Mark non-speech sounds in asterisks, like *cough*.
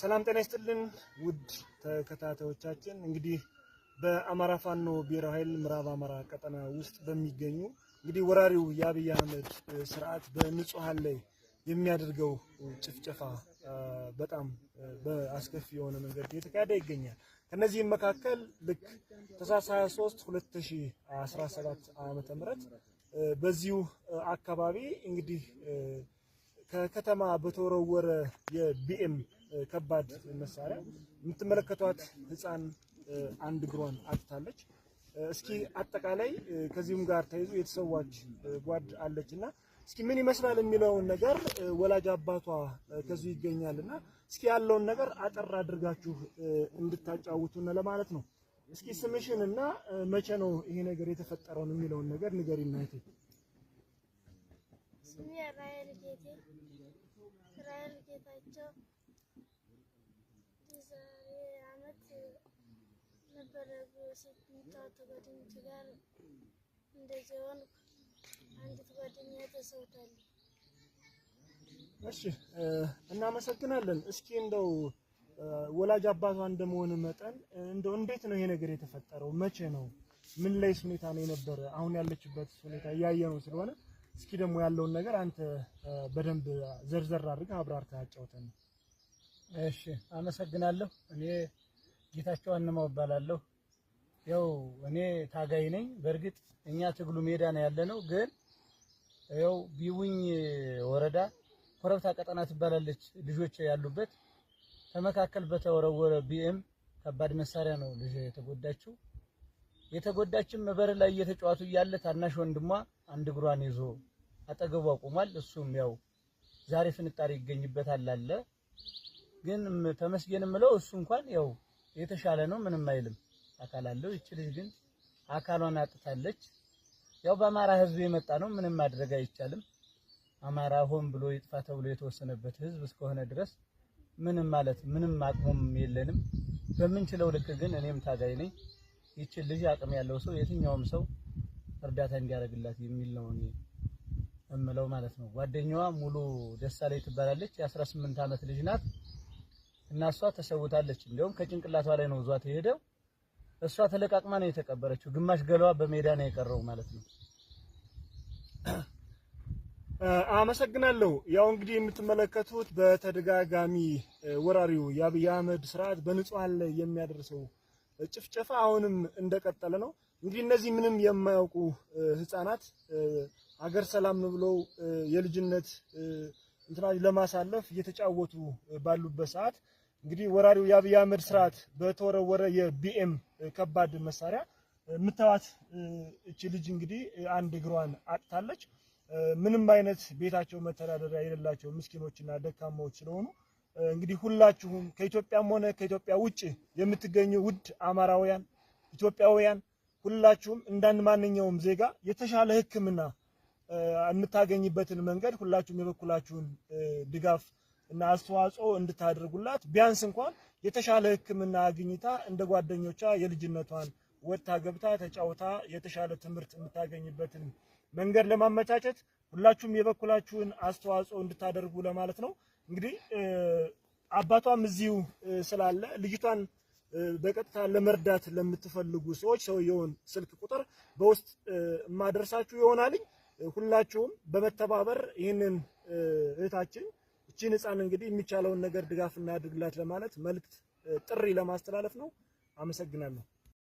ሰላም ጤና ይስጥልን ውድ ተከታታዮቻችን፣ እንግዲህ በአማራ ፋኖ ብሔራዊ ኃይል ምዕራብ አማራ ቀጠና ውስጥ በሚገኙ እንግዲህ ወራሪው የአብይ አህመድ ስርዓት በንጹሃን ላይ የሚያደርገው ጭፍጨፋ በጣም በአስከፊ የሆነ መንገድ እየተካሄደ ይገኛል። ከነዚህም መካከል ልክ ታህሳስ 23 2017 ዓ.ም በዚሁ አካባቢ እንግዲህ ከከተማ በተወረወረ የቢኤም ከባድ መሳሪያ የምትመለከቷት ህፃን አንድ እግሯን አጥታለች። እስኪ አጠቃላይ ከዚሁም ጋር ተይዞ የተሰዋች ጓድ አለች እና እስኪ ምን ይመስላል የሚለውን ነገር ወላጅ አባቷ ከዚሁ ይገኛል እና እስኪ ያለውን ነገር አጠር አድርጋችሁ እንድታጫውቱን ለማለት ነው። እስኪ ስምሽን እና መቼ ነው ይሄ ነገር የተፈጠረውን የሚለውን ነገር ንገሪ እህቴ። ስሜ ራሔል ጌቴ ራሔል ጌታቸው የዛሬ አመት ነበረ ስንጫወት ጓደኞች ጋር እንደዚህ ሆንኩ። አንዲት ጓደኛ ተሰውታለች። እሺ እናመሰግናለን። እስኪ እንደው ወላጅ አባቷ እንደመሆን መጠን እንደው እንዴት ነው ይሄ ነገር የተፈጠረው? መቼ ነው? ምን ላይስ ሁኔታ ነው የነበረ? አሁን ያለችበት ሁኔታ እያየ ነው ስለሆነ እስኪ ደግሞ ያለውን ነገር አንተ በደንብ ዘርዘር አድርገህ አብራርተህ አጫውተን። እሺ፣ አመሰግናለሁ። እኔ ጌታቸው አንማው እባላለሁ። ያው እኔ ታጋይ ነኝ። በእርግጥ እኛ ትግሉ ሜዳ ነው ያለ ነው። ግን ያው ቢውኝ ወረዳ ኮረብታ ቀጠና ትባላለች ልጆች ያሉበት። ከመካከል በተወረወረ ቢኤም ከባድ መሳሪያ ነው ልጅ የተጎዳችው። የተጎዳችም በር ላይ እየተጫወቱ እያለ ታናሽ ወንድሟ አንድ እግሯን ይዞ አጠገቧ ቆሟል። እሱም ያው ዛሬ ፍንጣሪ ይገኝበታል አለ። ግን ተመስገን ምለው እሱ እንኳን ያው የተሻለ ነው፣ ምንም አይልም፣ አካል አለው። ይች ልጅ ግን አካሏን አጥታለች። ያው በአማራ ህዝብ የመጣ ነው፣ ምንም ማድረግ አይቻልም። አማራ ሆን ብሎ ይጥፋ ተብሎ የተወሰነበት ህዝብ እስከሆነ ድረስ ምንም ማለት ምንም አቅሙም የለንም። በምንችለው ልክ ግን እኔም ታጋይ ነኝ። ይችን ልጅ አቅም ያለው ሰው የትኛውም ሰው እርዳታ እንዲያደርግላት የሚል ነው እኔ እምለው ማለት ነው። ጓደኛዋ ሙሉ ደሳለኝ ትባላለች። የአስራ ስምንት ዓመት ልጅ ናት እና እሷ ተሰውታለች። እንዲያውም ከጭንቅላቷ ላይ ነው ዟት የሄደው። እሷ ተለቃቅማ ነው የተቀበረችው። ግማሽ ገለዋ በሜዳ ነው የቀረው ማለት ነው። *clears throat* አመሰግናለሁ። ያው እንግዲህ የምትመለከቱት በተደጋጋሚ ወራሪው የአብይ አህመድ ስርዓት በንጹሃን ላይ የሚያደርሰው ጭፍጨፋ አሁንም እንደቀጠለ ነው። እንግዲህ እነዚህ ምንም የማያውቁ ህፃናት አገር ሰላም ነው ብለው የልጅነት እንትና ለማሳለፍ እየተጫወቱ ባሉበት ሰዓት እንግዲህ ወራሪው የአብይ አህመድ ስርዓት በተወረወረ የቢኤም ከባድ መሳሪያ ምታዋት እቺ ልጅ እንግዲህ አንድ እግሯን አጥታለች። ምንም አይነት ቤታቸው መተዳደሪያ የሌላቸው ምስኪኖችና ደካማዎች ስለሆኑ እንግዲህ ሁላችሁም ከኢትዮጵያም ሆነ ከኢትዮጵያ ውጭ የምትገኙ ውድ አማራውያን ኢትዮጵያውያን ሁላችሁም እንዳንድ ማንኛውም ዜጋ የተሻለ ሕክምና የምታገኝበትን መንገድ ሁላችሁም የበኩላችሁን ድጋፍ እና አስተዋጽኦ እንድታደርጉላት ቢያንስ እንኳን የተሻለ ሕክምና አግኝታ እንደ ጓደኞቿ የልጅነቷን ወጥታ ገብታ ተጫውታ የተሻለ ትምህርት የምታገኝበትን መንገድ ለማመቻቸት ሁላችሁም የበኩላችሁን አስተዋጽኦ እንድታደርጉ ለማለት ነው። እንግዲህ አባቷም እዚሁ ስላለ ልጅቷን በቀጥታ ለመርዳት ለምትፈልጉ ሰዎች ሰውየውን ስልክ ቁጥር በውስጥ የማደርሳችሁ ይሆናልኝ። ሁላችሁም በመተባበር ይህንን እህታችን እቺን ህፃን እንግዲህ የሚቻለውን ነገር ድጋፍ እናድርግላት ለማለት መልእክት ጥሪ ለማስተላለፍ ነው። አመሰግናለሁ።